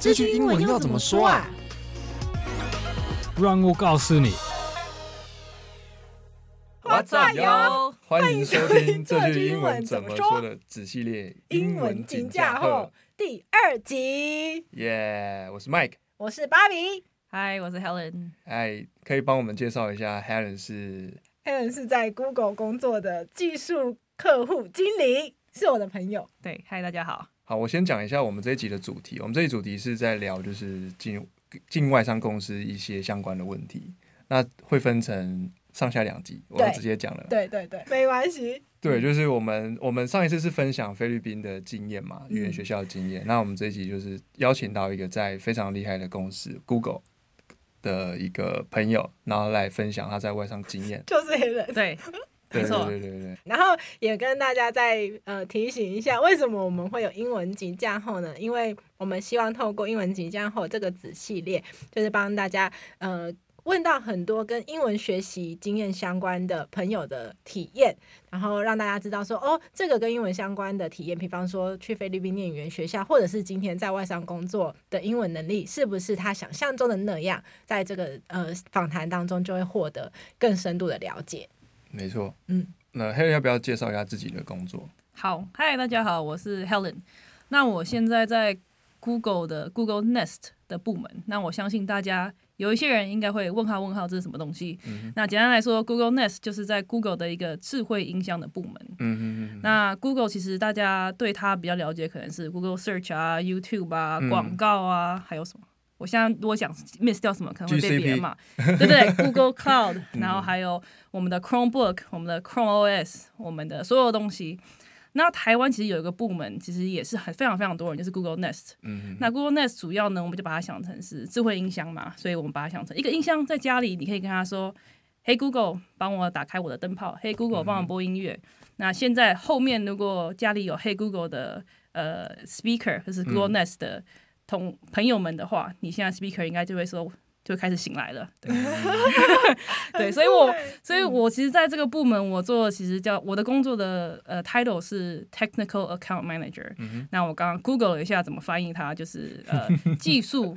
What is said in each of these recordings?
這句，啊、這句英文要怎麼說啊？讓我告訴你。我加油！歡迎收聽《這句英文怎麼說》的子系列英《英文精講課》第二集。耶、yeah，我是 Mike，我是芭比。r r y h 我是 Helen。h 可以幫我們介紹一下 Helen 是？Helen 是在 Google 工作的技術客戶經理，是我的朋友。對 h 大家好。好，我先講一下我們這一集的主題。我們這一主題是在聊就是進進外商公司一些相關的問題。那會分成上下兩集，我們直接講了。對對對，沒關係。 對，就是我們我們上一次是分享菲律賓的經驗嘛，語言學校的經驗，嗯。那我們這一集就是邀請到一個在非常厲害的公司 Google 的一個朋友，然後來分享他在外商經驗。 就是黑人。對。沒錯，對對對對對，然後也跟大家再呃提醒一下，為什麼我們會有英文金架厚呢？因為我們希望透過英文金架厚這個子系列，就是幫大家呃問到很多跟英文學習經驗相關的朋友的體驗，然後讓大家知道說，哦，這個跟英文相關的體驗，比方說去菲律賓念語言學校，或者是今天在外商工作的英文能力，是不是他想象中的那樣？在這個呃訪談當中，就會獲得更深度的了解。沒錯，嗯，那 Helen 要不要介紹一下自己的工作？好，Hi 大家好，我是 Helen。那我現在在 Google 的 Google Nest 的部門。那我相信大家有一些人應該會問號問號，這是什麼東西？嗯、那簡單來說，Google Nest 就是在 Google 的一個智慧音箱的部門。嗯嗯。那 Google 其實大家對它比較了解，可能是 Google Search 啊、YouTube 啊、廣告啊、嗯，還有什麼？我現在如果想 miss 掉什麼，可能會被別人罵，GCP，對不對 ？Google Cloud， 對，然後還有我們的 Chromebook，我們的 Chrome OS，我們的所有的東西。那台灣其實有一個部門，其實也是很非常非常多人，就是 Google Nest，嗯。那 Google Nest 主要呢，我們就把它想成是智慧音箱嘛，所以我們把它想成一個音箱，在家裡你可以跟他說：“嘿、hey、，Google，幫我打開我的燈泡。Hey ”“嘿，Google，幫我播音樂。嗯”那現在後面如果家裡有、hey “嘿，Google” 的呃 speaker，就是 Google Nest 的。嗯同朋友們的話，你現在 speaker 應該就會說，就會開始醒來了。對， 很對， 對，所以我，所以我其實在這個部門，我做其實叫我的工作的呃 title 是 technical account manager，嗯。那我剛剛 Google 了一下怎麼翻譯它，就是呃技術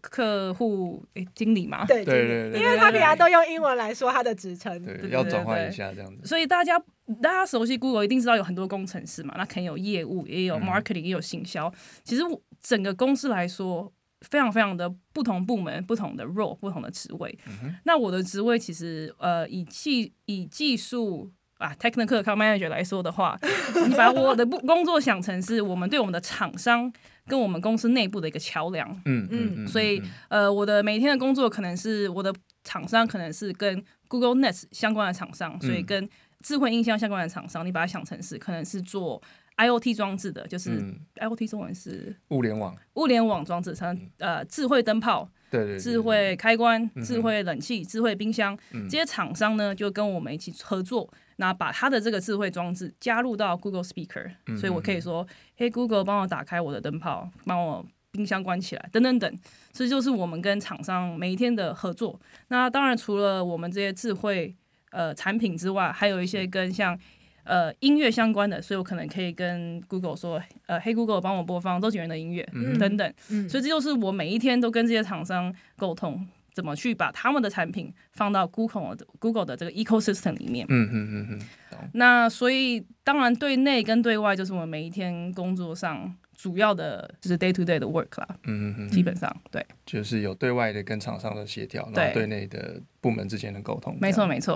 客戶、 欸、經理嘛。對對對，因為他比較都用英文來說他的職稱，要轉換一下這樣子。所以大家大家熟悉 Google，一定知道有很多工程師嘛，那肯定有業務，也有 marketing，也有行銷，嗯。其實我。整個公司來說，非常非常的不同部門、不同的 role、不同的職位、嗯。那我的職位其實，呃，以技以技術啊，Technical Account Manager 來說的話， 你把我的不工作想成是我們對我們的廠商跟我們公司內部的一個橋梁。嗯嗯。所以，呃，我的每天的工作可能是我的廠商可能是跟 Google Nest 相關的廠商，所以跟智慧音箱相關的廠商，嗯、你把它想成是可能是做。IOT 裝置的，就是、嗯、IOT 中文是物聯網，物聯網裝置，像呃智慧燈泡、嗯對對對對，智慧開關、嗯、智慧冷氣、智慧冰箱，這些廠商呢就跟我們一起合作，那、嗯、把他的這個智慧裝置加入到 Google Speaker、嗯、所以我可以說，嘿，Google 幫我打開我的燈泡，幫我冰箱關起來，等等等，所以就是我們跟廠商每一天的合作。那當然，除了我們這些智慧呃產品之外，還有一些跟像，嗯呃，音樂相關的，所以我可能可以跟 Google 說，呃，黑、Hey、Google 幫我播放周杰倫的音樂、嗯、等等、嗯。所以這就是我每一天都跟這些廠商溝通，怎麼去把他們的產品放到 Google Google 的這個 ecosystem 裡面。嗯哼哼嗯嗯嗯。那所以當然，對內跟對外就是我們每一天工作上主要的就是 day to day 的 work 啦。嗯嗯嗯。基本上對。就是有對外的跟廠商的協調，然後對內的部門之間的溝通。沒錯沒錯。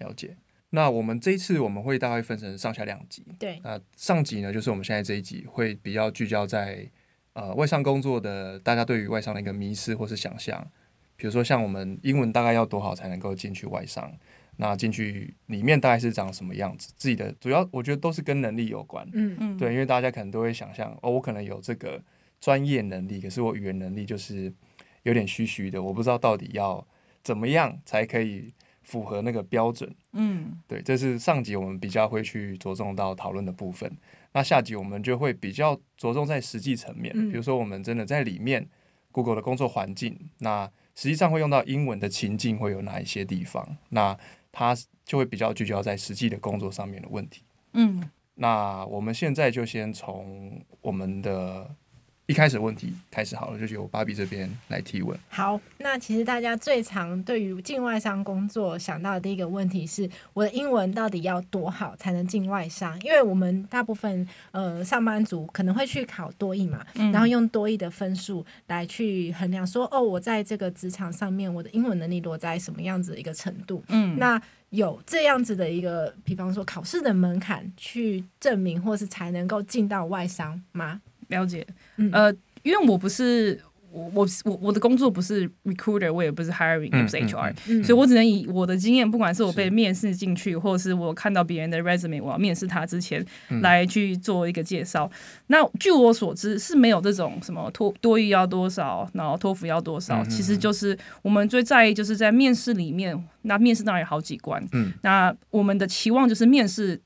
了解。那我們這一次我們會大概分成上下兩集。對。那上集呢，就是我們現在這一集會比較聚焦在，呃，外商工作的大家對於外商的一個迷思或是想象。比如說像我們英文大概要多好才能夠進去外商？那進去裡面大概是長什麼樣子？自己的主要我覺得都是跟能力有關。嗯嗯。對，因為大家可能都會想象哦，我可能有這個專業能力，可是我語言能力就是有點虛虛的，我不知道到底要怎麼樣才可以。符合那個標準，嗯，對，這是上集我們比較會去着重到討論的部分。那下集我們就會比較着重在實際層面，嗯，比如說我們真的在裡面，Google 的工作環境，那實際上會用到英文的情境會有哪一些地方？那它就會比較聚焦在實際的工作上面的問題。嗯，那我們現在就先從我們的。一開始問題開始好了，就由芭比這邊來提問。好，那其實大家最常對於進外商工作想到的第一個問題是：我的英文到底要多好才能進外商？因為我們大部分呃上班族可能會去考多益嘛、嗯，然後用多益的分數來去衡量，說哦，我在這個職場上面我的英文能力落在什麼樣子的一個程度、嗯？那有這樣子的一個比方說考試的門檻去證明，或是才能夠進到外商嗎？了解，呃，因為我不是我我我我的工作不是 recruiter，我也不是 hiring，也、嗯、不是 HR，、嗯、所以我只能以我的經驗、嗯，不管是我被面試進去，或者是我看到別人的 resume，我要面試他之前，來去做一個介紹、嗯。那據我所知是沒有這種什麼托多益要多少，然後托福要多少、嗯，其實就是我們最在意就是在面試裡面，那面試當然有好幾關，嗯，那我們的期望就是面試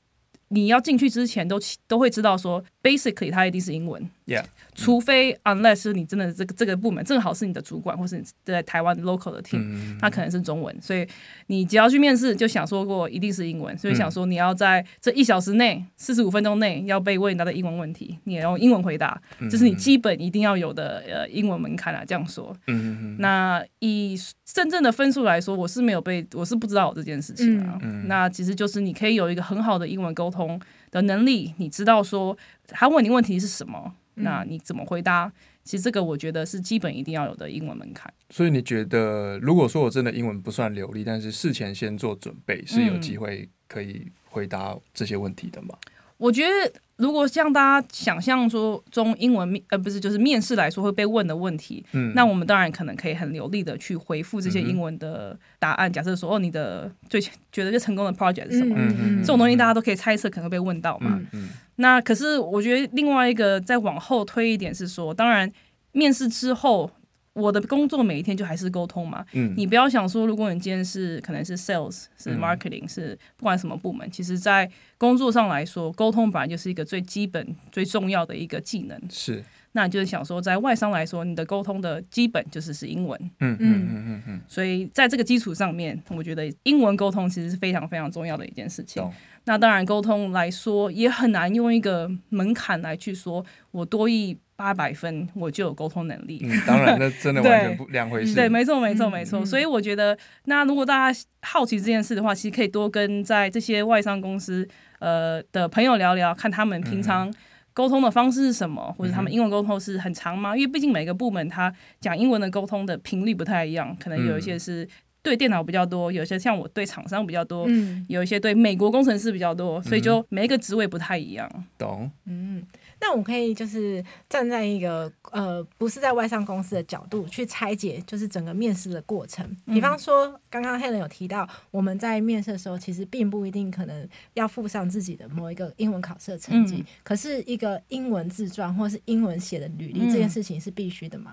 你要進去之前都都會知道說。Basically，它一定是英文，yeah. mm -hmm. 除非 unless 你真的這個這個部門正好是你的主管，或是你在台灣 local 的 team，它、mm -hmm. 可能是中文。所以你只要去面試，就想說過一定是英文，所以想說你要在這一小時內，四十五分鐘內要被問到的英文問題，你要用英文回答，這、mm -hmm. 是你基本一定要有的呃英文門檻啊。這樣說，mm -hmm. 那以真正的分數來說，我是沒有被，我是不知道這件事情啊。Mm -hmm. 那其實就是你可以有一個很好的英文溝通的能力，你知道說他問你問題是什麼，嗯，那你怎麼回答？其實這個我覺得是基本一定要有的英文門檻。所以你覺得，如果說我真的英文不算流利，但是事前先做準備，是有機會可以回答這些問題的嗎？嗯我覺得，如果像大家想象說中英文，呃，不是，就是面試來說會被問的問題，嗯，那我們當然可能可以很流利的去回復這些英文的答案。嗯，假設說，哦，你的最覺得最成功的 project 是什麼？嗯。這種東西大家都可以猜測，可能會被問到嘛，嗯。那可是我覺得另外一個再往後推一點是說，當然面試之後。我的工作每一天就還是溝通嘛。嗯，你不要想說，如果你今天是可能是 sales，是 marketing，嗯，是不管什麼部門，其實在工作上來說，溝通本來就是一個最基本、最重要的一個技能。是，那就是想說，在外商來說，你的溝通的基本就是是英文。嗯嗯嗯嗯嗯。所以在這個基礎上面，我覺得英文溝通其實是非常非常重要的一件事情。那當然，溝通來說也很難用一個門檻來去說，我多一。八百分我就有溝通能力。嗯，當然，那真的完全不兩 回事。對，沒錯，沒錯，沒錯、嗯嗯。所以我覺得，那如果大家好奇這件事的話，其實可以多跟在這些外商公司呃的朋友聊聊，看他們平常溝通的方式是什麼，嗯、或者他們英文溝通是很長嗎？嗯、因為畢竟每個部門他講英文的溝通的頻率不太一樣，可能有一些是對電腦比較多，有些像我對廠商比較多、嗯，有一些對美國工程師比較多，所以就每一個職位不太一樣。懂，嗯。那我可以就是站在一個呃不是在外商公司的角度去拆解，就是整個面試的過程。嗯、比方說，剛剛 Helen 有提到，我們在面試的時候，其實並不一定可能要附上自己的某一個英文考試的成績、嗯。可是一個英文自傳或是英文寫的履歷、嗯，這件事情是必須的嗎？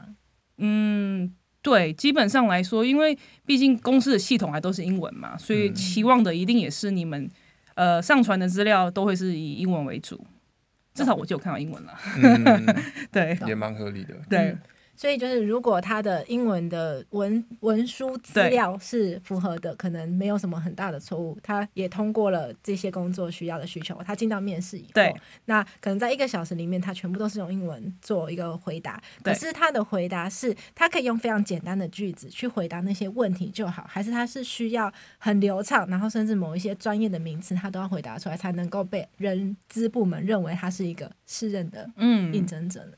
嗯，對，基本上來說，因為畢竟公司的系統還都是英文嘛，所以期望的一定也是你們呃上傳的資料都會是以英文為主。至少我就有看到英文了，嗯， 對，也蠻合理的，對。所以就是，如果他的英文的文文書資料是符合的，可能沒有什麼很大的錯誤，他也通過了這些工作需要的需求。他進到面試以後，對，那可能在一個小時裡面，他全部都是用英文做一個回答。可是他的回答是，他可以用非常簡單的句子去回答那些問題就好，還是他是需要很流暢，然後甚至某一些專業的名詞他都要回答出來，才能夠被人資部門認為他是一個適任的應徵者呢？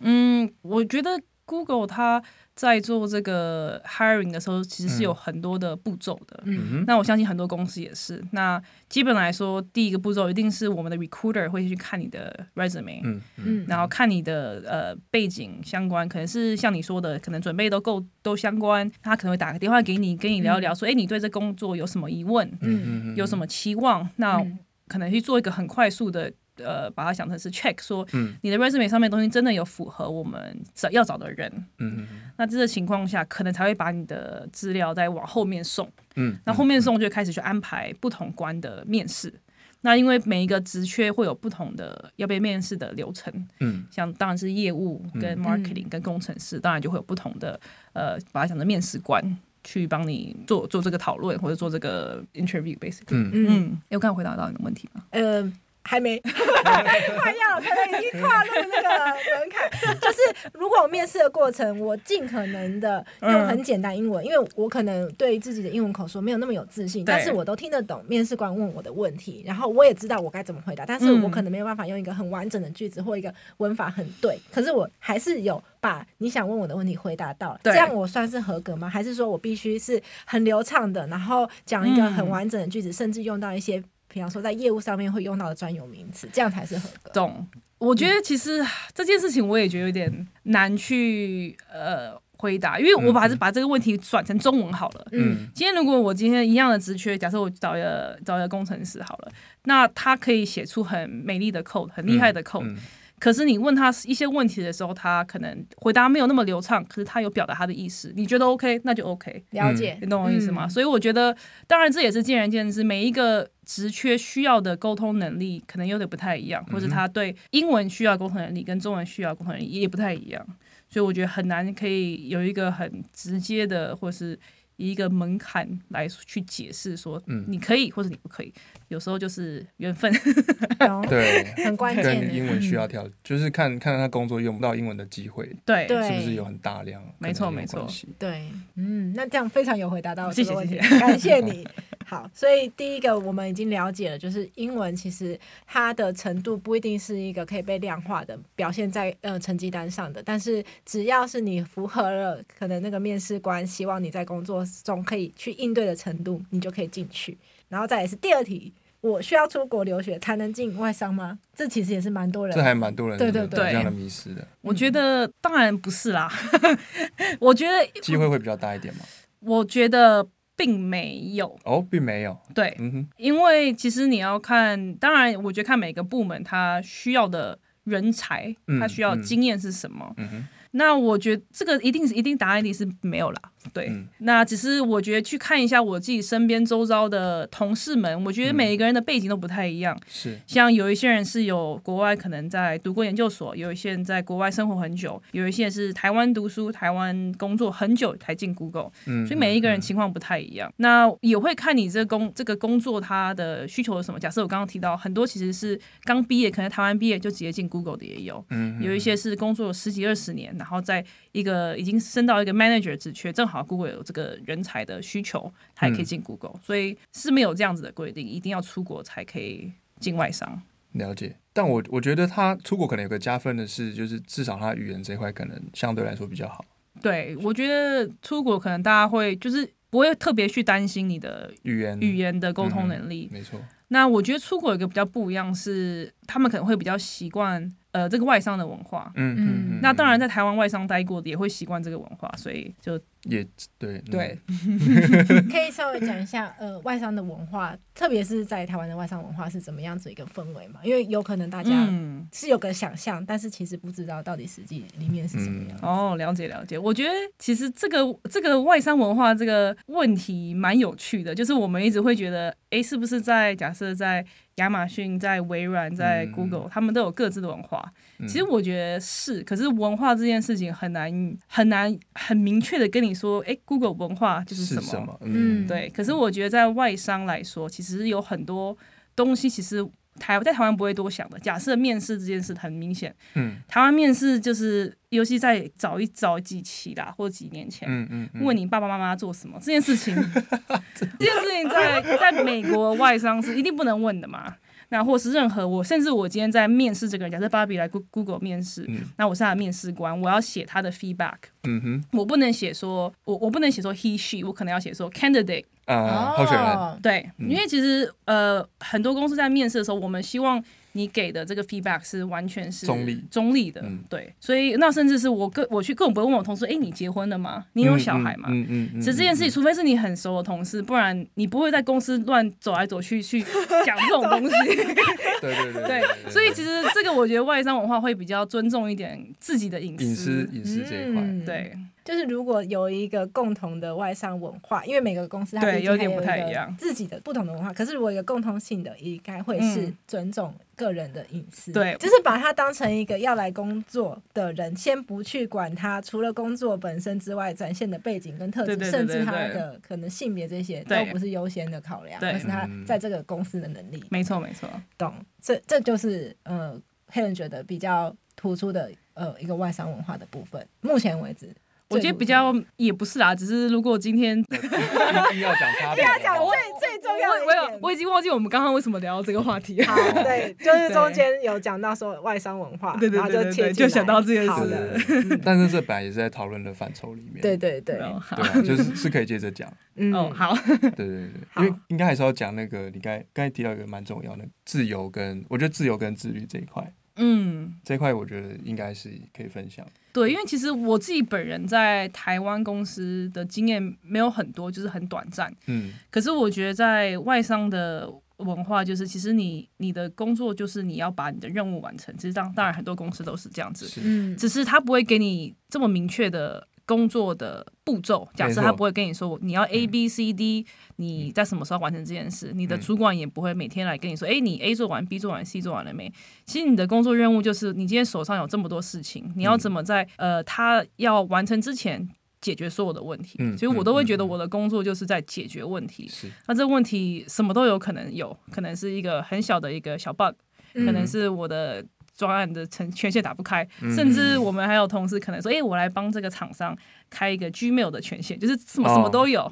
嗯，嗯，我覺得。Google 它在做這個 hiring 的時候，其實是有很多的步驟的，嗯嗯。那我相信很多公司也是。那基本來說，第一個步驟一定是我們的 recruiter 會去看你的 resume，嗯嗯，然後看你的呃背景相關，可能是像你說的，可能準備都夠都相關，他可能會打個電話給你，跟你聊一聊說，哎、嗯欸，你對這工作有什麼疑問？嗯嗯，嗯，有什麼期望？那可能去做一個很快速的。呃，把它想成是 check，說你的 resume 上面的東西真的有符合我們找要找的人，嗯，那這個情況下可能才會把你的資料再往後面送，嗯，那後，後面送就開始去安排不同關的面試，嗯，那因為每一個職缺會有不同的要被面試的流程，嗯，像當然是業務跟 marketing 跟工程師，嗯，當然就會有不同的呃，把它想成面試官去幫你做做這個討論或者做這個 interview，basically，嗯嗯，有，嗯，看，欸，回答到你的問題嗎？呃。還沒， 但是快要，可能已經跨入那個門檻。就是如果我面試的過程，我盡可能的用很簡單英文，因為我可能對自己的英文口說沒有那麼有自信，但是我都聽得懂面試官問我的問題，然後我也知道我該怎麼回答，但是我可能沒有辦法用一個很完整的句子或一個文法很對，可是我還是有把你想問我的問題回答到。這樣我算是合格嗎？還是說我必須是很流暢的，然後講一個很完整的句子，甚至用到一些？比方說，在業務上面會用到的專有名詞，這樣才是合格。懂？我覺得其實、嗯、這件事情，我也覺得有點難去呃回答，因為我把、嗯、把這個問題轉成中文好了。嗯，今天如果我今天一樣的職缺，假設我找一個找一個工程師好了，那他可以寫出很美麗的 code，很厲害的 code、嗯。嗯可是你問他一些問題的時候，他可能回答沒有那麼流暢，可是他有表達他的意思，你覺得 OK，那就 OK。了解，你懂我意思嗎？所以我覺得，當然這也是見仁見智，每一個職缺需要的溝通能力可能有點不太一樣，或者他對英文需要溝通能力跟中文需要溝通能力也不太一樣，所以我覺得很難可以有一個很直接的，或是。以一個門檻來去解釋說，嗯，你可以或者，你不可以，嗯，有時候就是緣分，嗯、 對，很關鍵，英文需要調、嗯，就是看看他工作用不到英文的機會，對，是不是有很大量？沒錯，沒錯，對，嗯，那這樣非常有回答到，問題，謝謝，謝謝，感謝你。 好，所以第一個我們已經了解了，就是英文其實它的程度不一定是一個可以被量化的表現在呃成績單上的，但是只要是你符合了可能那個面試官希望你在工作中可以去應對的程度，你就可以進去。然後再來是第二題，我需要出國留學才能進外商嗎？這其實也是蠻多人，這還蠻多人對對對這樣的迷思的對對對。我覺得當然不是啦， 我覺得機會會比較大一點嘛？我覺得。並沒有哦，並沒有對、嗯，因為其實你要看，當然，我覺得看每個部門他需要的人才，他、嗯、需要經驗是什麼，嗯嗯那我覺得這個一定是一定答案一定是沒有啦，對、嗯。那只是我覺得去看一下我自己身邊周遭的同事們，我覺得每一個人的背景都不太一樣。嗯、是像有一些人是有國外可能在讀過研究所，有一些人在國外生活很久，有一些是台灣讀書、台灣工作很久才進 Google，嗯，所以每一個人情況不太一樣。嗯、那也會看你這工這個工作它的需求是什麼。假設我剛剛提到很多其實是剛畢業，可能台灣畢業就直接進 Google 的也有，嗯，有一些是工作十幾二十年的、啊。然後在一個已經升到一個 manager 職缺，正好 Google 有這個人才的需求，他也可以進 Google，、嗯、所以是沒有這樣子的規定，一定要出國才可以進外商。了解，但我我覺得他出國可能有個加分的是，就是至少他語言這塊可能相對來說比較好。對，我覺得出國可能大家會就是不會特別去擔心你的語言語言的溝通能力、嗯嗯。沒錯。那我覺得出國有一個比較不一樣是，他們可能會比較習慣。呃，這個外商的文化，嗯嗯，那當然在台灣外商待過的也會習慣這個文化，所以就也對對，對 可以稍微講一下呃外商的文化，特別是在台灣的外商文化是怎麼樣子一個氛圍嘛？因為有可能大家是有個想象、嗯，但是其實不知道到底實際裡面是什麼樣、嗯。哦，了解了解，我覺得其實這個這個外商文化這個問題蠻有趣的，就是我們一直會覺得，哎、欸，是不是在假設在。亞馬遜在微軟在 Google、嗯、他們都有各自的文化、嗯。其實我覺得是，可是文化這件事情很難很難很明確的跟你說。哎、欸、Google 文化就是什麼，是什麼、嗯？對。可是我覺得在外商來說，其實有很多東西，其實台在台灣不會多想的。假設面試這件事很明顯、嗯，台灣面試就是。尤其在早一早幾期啦，或者幾年前、嗯嗯嗯，問你爸爸媽媽做什麼這件事情， 這件事情在在美國外商是一定不能問的嘛？那或是任何我，甚至我今天在面試這個人，假設芭比來 Google 面試、嗯，那我是他的面試官，我要寫他的 feedback。嗯哼，我不能寫說，我我不能寫說 he she，我可能要寫說 candidate 啊、uh, oh. 對、嗯，因為其實呃，很多公司在面試的時候，我們希望。你給的這個 feedback 是完全是中立的，中立對、嗯，所以那甚至是我個我去更不會問我同事，哎、欸，你結婚了嗎？你有小孩嗎？其、嗯、實、嗯嗯、這件事情、嗯嗯嗯，除非是你很熟的同事，不然你不會在公司亂走來走去去講這種東西。 走 對,對對對對，所以其實這個我覺得外商文化會比較尊重一點自己的隱私隱私隱私這一塊、嗯，對。就是如果有一個共同的外商文化，因為每個公司它對有點不太一樣，自己的不同的文化有。可是如果有一個共同性的，應該會是尊重個人的隱私。對、嗯，就是把他當成一個要來工作的人，先不去管他。除了工作本身之外，展現的背景跟特質，甚至他的可能性別這些，都不是優先的考量。對對，而是他在這個公司的能力。沒錯、嗯，沒錯，懂。這這就是呃，黑人覺得比較突出的呃一個外商文化的部分，目前為止。我覺得比較也不是啦，只是如果今天 一定要講，一定要講最最重要的，我有我,我已經忘記我們剛剛為什麼聊這個話題。 好，對，就是中間有講到說外商文化，對對對對對然後就切就想到這個事。好,好、嗯、但是這本來也是在討論的範疇裡面。對對對， 對就是是可以接着講。 嗯，好。對對對，因為應該還是要講那個，你剛剛才提到一個蠻重要的自由跟，我覺得自由跟自律這一塊， 嗯，這一塊我覺得應該是可以分享。對，因為其實我自己本人在台灣公司的經驗沒有很多，就是很短暫。嗯，可是我覺得在外商的文化，就是其實你你的工作就是你要把你的任務完成，其實當當然很多公司都是這樣子，嗯，只是他不會給你這麼明確的。工作的步驟，假設他不會跟你說，你要 A B C D、嗯、你在什麼時候完成這件事、嗯、你的主管也不會每天來跟你說，誒、欸，你 A 做完，B 做完，C 做完了沒？其實你的工作任務就是，你今天手上有這麼多事情，你要怎麼在、嗯、呃，他要完成之前解決所有的問題？嗯、所以，我都會覺得我的工作就是在解決問題。嗯嗯、那這個問題什麼都有可能有，有可能是一個很小的一個小 bug，可能是我的。專案的權權限打不開、嗯，甚至我們還有同事可能說：“哎、欸，我來幫這個廠商開一個 Gmail 的權限，就是什麼什麼都有，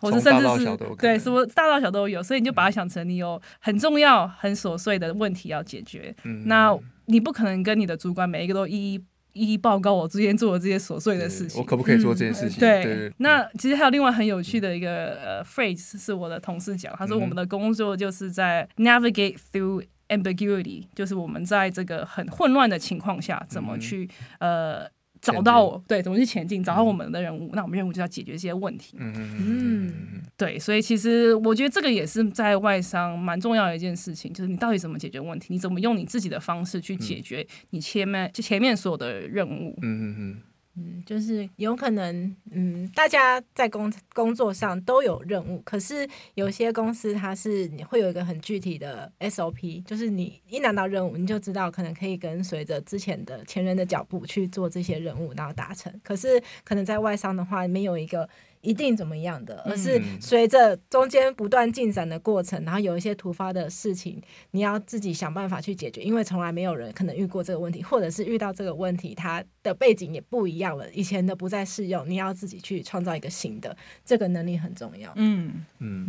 或、哦、者、嗯、甚至是對什麼大到小都有。”所以你就把它想成你有很重要、很瑣碎的問題要解決。嗯、那你不可能跟你的主管每一個都一一一一報告我之前做的這些瑣碎的事情。我可不可以做這件事情？嗯、對，對，對、嗯。那其實還有另外很有趣的一個呃、嗯 uh, phrase 是我的同事講，他說：“我們的工作就是在 navigate through。” Ambiguity 就是我們在這個很混亂的情況下，怎麼去、嗯、呃找到，對，怎麼去前進，找到我們的人物。嗯、那我們任務就是要解決這些問題。嗯，哼哼哼，嗯，對，所以其實我覺得這個也是在外商蠻重要的一件事情，就是你到底怎麼解決問題，你怎麼用你自己的方式去解決你前面就、嗯、前面所有的任務。嗯哼哼。嗯，就是有可能，嗯，大家在工工作上都有任務，可是有些公司它是你會有一個很具體的 SOP，就是你一拿到任務，你就知道可能可以跟隨着之前的前人的腳步去做這些任務，然後達成。可是可能在外商的話，沒有一個。一定怎麼樣的，而是隨着中間不斷進展的過程，嗯，然後有一些突發的事情，你要自己想辦法去解決，因為從來沒有人可能遇過這個問題，或者是遇到這個問題，它的背景也不一樣了，以前的不再適用，你要自己去創造一個新的，這個能力很重要。嗯嗯嗯。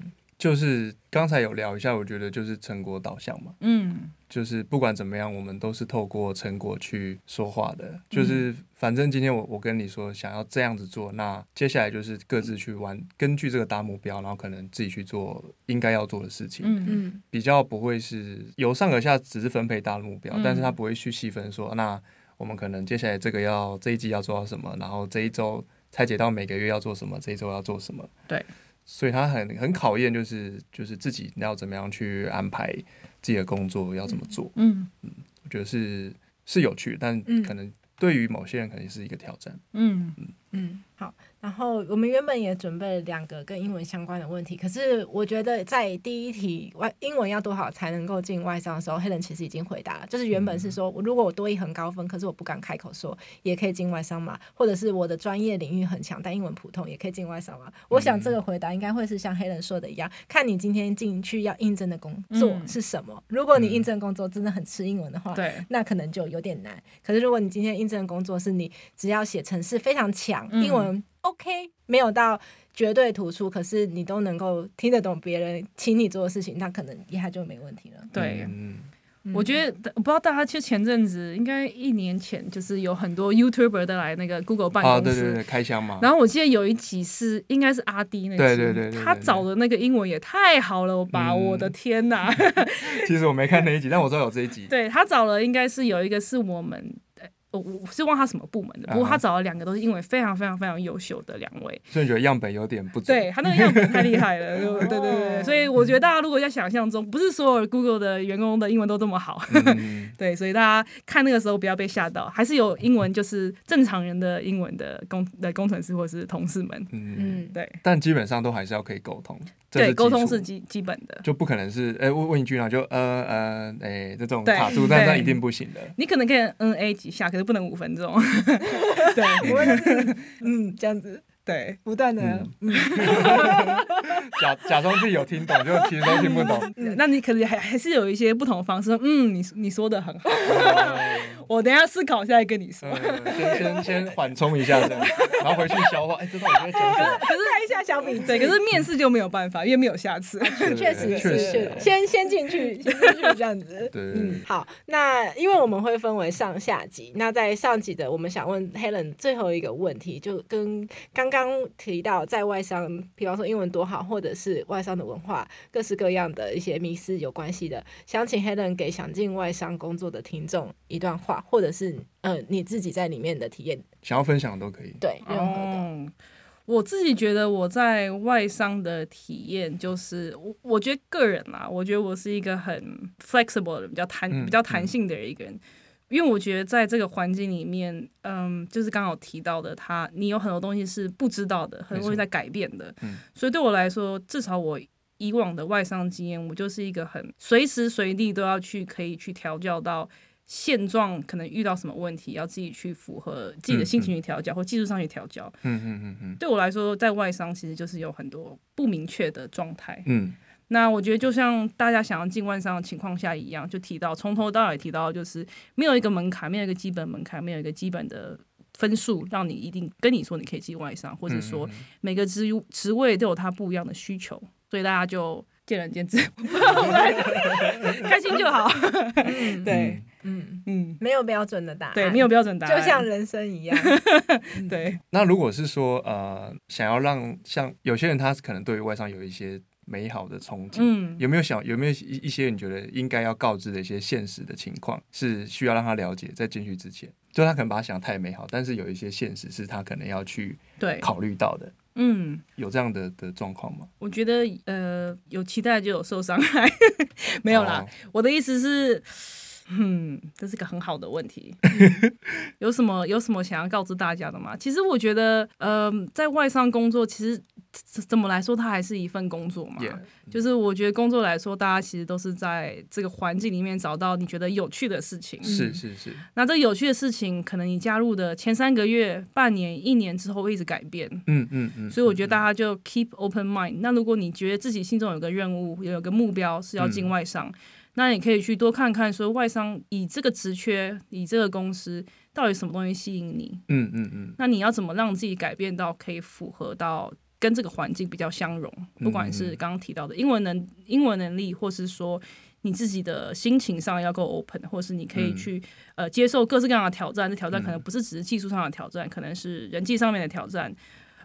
嗯就是剛才有聊一下，我覺得就是成果導向嘛，嗯，就是不管怎麼樣，我們都是透過成果去說話的。就是反正今天我我跟你說想要這樣子做，那接下來就是各自去玩，根據這個大目標，然後可能自己去做應該要做的事情，嗯，比較不會是由上而下只是分配大目標，但是他不會去細分說，那我們可能接下來這個要這一季要做到什麼，然後這一週拆解到每個月要做什麼，這一週要做什麼，對。所以他很很考驗，就是就是自己要怎麼樣去安排自己的工作，要怎麼做？嗯嗯，嗯，我覺得是是有趣，但可能對於某些人，可能是一個挑戰。嗯嗯嗯，嗯，嗯，好。然後我們原本也準備了兩個跟英文相關的問題，可是我覺得在第一題外英文要多好才能夠進外商的時候，Helen 其實已經回答了，就是原本是說、嗯、如果我多益很高分，可是我不敢開口說也可以進外商嘛，或者是我的專業領域很強，但英文普通也可以進外商嘛、嗯。我想這個回答應該會是像 Helen 說的一樣，看你今天進去要應徵的工作是什麼。嗯、如果你應徵工作真的很吃英文的話、嗯，那可能就有點難。可是如果你今天應徵的工作是你只要寫程式非常強，英文、嗯。英文 OK，沒有到絕對突出，可是你都能夠聽得懂別人請你做的事情，那可能一下就沒問題了。嗯、對、嗯，我覺得我不知道大家其實前陣子，應該一年前，就是有很多 YouTuber 的來那個 Google 辦公室。啊，對對對，開箱嘛。然後我記得有一集是應該是阿 D 那集，對對對，對對對，他找的那個英文也太好了吧！嗯、我的天哪、啊。 其實我沒看那一集，但我知道有這一集。對他找了，應該是有一個是我們。哦、我是忘他什麼部門的，不過他找了兩個都是英文非常非常非常優秀的兩位，嗯。所以你覺得樣本有點不對，他那個樣本太厲害了， 對，對對對。所以我覺得大家如果在想象中，不是所有 Google 的員工的英文都這麼好，嗯、 對。所以大家看那個時候不要被嚇到，還是有英文就是正常人的英文的工的工程師或者是同事們，嗯嗯，對。但基本上都還是要可以溝通，對，溝通是基基本的，就不可能是哎問、欸、問一句然後就呃呃哎、欸、這種卡住，那那一定不行的。你可能可以 n、嗯、A 幾下。不能五分鐘， 對，嗯，這樣子，對，不斷的、嗯 假，假假裝自己有聽懂，就其實都聽不懂、嗯。那你可能還還是有一些不同的方式，嗯，你你說得很好。嗯 我等一下思考，再跟你說、嗯。先先緩衝一下，然後回去消化。哎 欸，知道我在講 是開一下小餅，對，可是面試就沒有辦法，因為沒有下次。確 實是,實是,實是,實是先先進去， 先進去這樣子。對、嗯、好，那因為我們會分為上下集，那在上集的我們想問 Helen 最後一個問題，就跟剛剛提到在外商，比方說英文多好，或者是外商的文化，各式各樣的一些迷思有關係的，想請 Helen 給想進外商工作的聽眾一段話。或者是呃你自己在裡面的體驗，想要分享都可以。對，然後、哦、我自己覺得我在外商的體驗，就是我我覺得個人嘛、啊，我覺得我是一個很 flexible 的，比較彈、比較彈性的人一個人、嗯嗯。因為我覺得在這個環境裡面，嗯，就是剛好提到的，他你有很多東西是不知道的，很容易在改變的、嗯。所以對我來說，至少我以往的外商經驗，我就是一個很隨時隨地都要去可以去調教到。現狀可能遇到什麼問題，要自己去符合自己的心情去調教、嗯嗯，或技術上去調教、嗯嗯嗯。對我來說，在外商其實就是有很多不明確的狀態、嗯。那我覺得，就像大家想要進外商的情況下一樣，就提到從頭到尾提到，就是沒有一個門檻，沒有一個基本門檻，沒有一個基本的分數讓你一定跟你說你可以進外商，或者說、嗯、每個職職位都有它不一樣的需求，所以大家就見仁見智， 開心就好。 對。嗯嗯嗯，沒有標準的答案，對，沒有標準答案，就像人生一樣。 對，那如果是說呃，想要讓像有些人，他可能對於外商有一些美好的憧憬、嗯，有沒有想有沒有一一些你覺得應該要告知的一些現實的情況，是需要讓他了解在進去之前，就他可能把他想得太美好，但是有一些現實是他可能要去考慮到的。嗯，有這樣的的狀況嗎？我覺得呃，有期待就有受傷害， 沒有啦、嗯。我的意思是。嗯，這是個很好的問題。嗯、 有什麼有什麼想要告知大家的嗎？其實我覺得，嗯、呃，在外商工作，其實怎麼來說，它還是一份工作嘛。Yeah, 就是我覺得工作來說，大家其實都是在這個環境裡面找到你覺得有趣的事情。是是是、嗯。那這有趣的事情，可能你加入的前三個月、半年、一年之後，會一直改變。嗯嗯嗯。所以我覺得大家就 keep open mind、嗯。那如果你覺得自己心中有個任務，有個目標是要進外商。嗯那你可以去多看看，說外商以這個職缺，以這個公司到底什麼東西吸引你？嗯嗯嗯。那你要怎麼讓自己改變到可以符合到跟這個環境比較相融、嗯嗯？不管是剛剛提到的英文能英文能力，或是說你自己的心情上要夠 open，或是你可以去、嗯、呃接受各式各樣的挑戰。這挑戰可能不是只是技術上的挑戰，嗯、可能是人際上面的挑戰，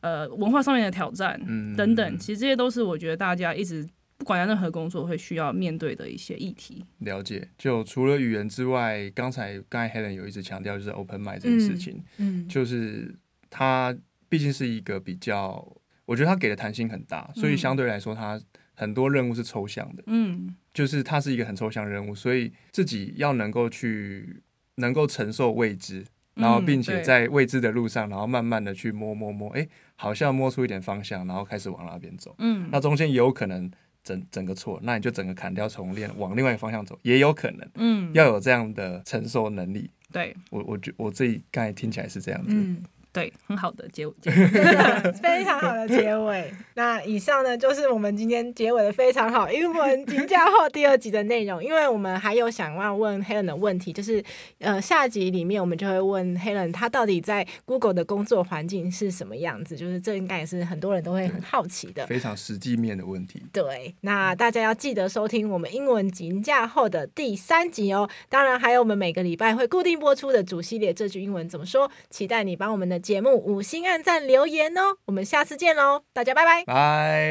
呃，文化上面的挑戰，嗯、等等。其實這些都是我覺得大家一直。不管任何工作會需要面對的一些議題，了解。就除了語言之外，剛才剛才 Helen 有一直強調，就是 open mind 這件事情，嗯，嗯就是它畢竟是一個比較，我覺得它給的彈性很大，所以相對來說，它很多任務是抽象的，嗯，就是它是一個很抽象的任務，所以自己要能夠去能夠承受未知，然後並且在未知的路上，然後慢慢的去摸摸摸，哎、欸，好像摸出一點方向，然後開始往那邊走，嗯，那中間也有可能。整整個錯，那你就整個砍掉重練，往另外一個方向走，也有可能。嗯，要有這樣的承受能力。嗯、對我，我覺我自己剛才聽起來是這樣子。嗯對，很好的結尾，真 非常好的結尾。那以上呢，就是我們今天結尾的非常好英文金架厚第二集的內容。 因為我們還有想要問 Helen 的問題，就是呃，下集裡面我們就會問 Helen，他到底在 Google 的工作環境是什麼樣子？就是這應該也是很多人都會很好奇的，非常實際面的問題。對，那大家要記得收聽我們英文金架厚的第三集哦。當然，還有我們每個禮拜會固定播出的主系列《這句英文怎麼說》，期待你幫我們的。節目五星按讚、留言哦，我們下次見嘍，大家拜拜，拜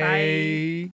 拜。